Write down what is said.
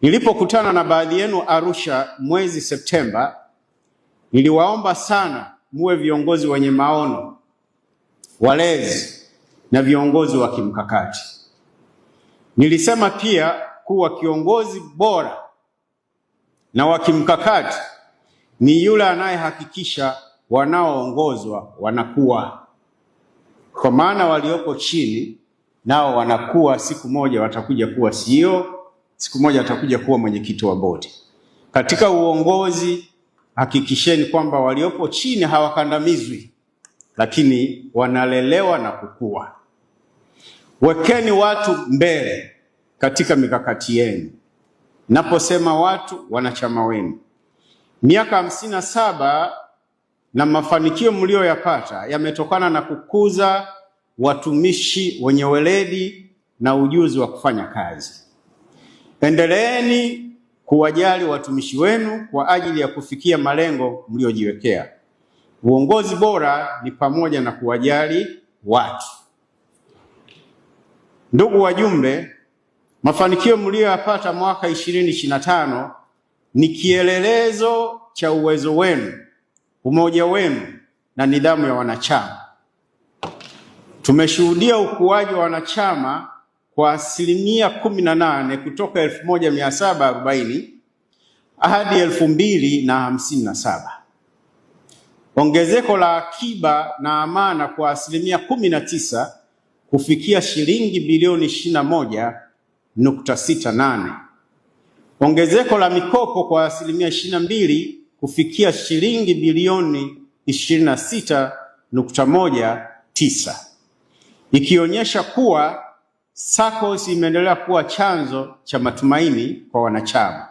Nilipokutana na baadhi yenu Arusha mwezi Septemba, niliwaomba sana muwe viongozi wenye maono, walezi na viongozi wa kimkakati. Nilisema pia kuwa kiongozi bora na wa kimkakati ni yule anayehakikisha wanaoongozwa wanakuwa, kwa maana walioko chini nao wanakuwa, siku moja watakuja kuwa CEO siku moja atakuja kuwa mwenyekiti wa bodi. Katika uongozi, hakikisheni kwamba waliopo chini hawakandamizwi, lakini wanalelewa na kukua. Wekeni watu mbele katika mikakati yenu. Naposema watu, wanachama wenu. Miaka hamsini na saba na mafanikio mliyoyapata yametokana na kukuza watumishi wenye weledi na ujuzi wa kufanya kazi. Endeleeni kuwajali watumishi wenu kwa ajili ya kufikia malengo mliojiwekea. Uongozi bora ni pamoja na kuwajali watu. Ndugu wajumbe, mafanikio mliyoyapata mwaka 2025 ni kielelezo cha uwezo wenu, umoja wenu na nidhamu ya wanachama. Tumeshuhudia ukuaji wa wanachama kwa asilimia kumi na nane kutoka elfu moja mia saba arobaini hadi elfu mbili na hamsini na saba. Ongezeko la akiba na amana kwa asilimia kumi na tisa kufikia shilingi bilioni ishirini na moja nukta sita nane. Ongezeko la mikopo kwa asilimia ishirini na mbili kufikia shilingi bilioni ishirini na sita nukta moja tisa ikionyesha kuwa SACCOS imeendelea kuwa chanzo cha matumaini kwa wanachama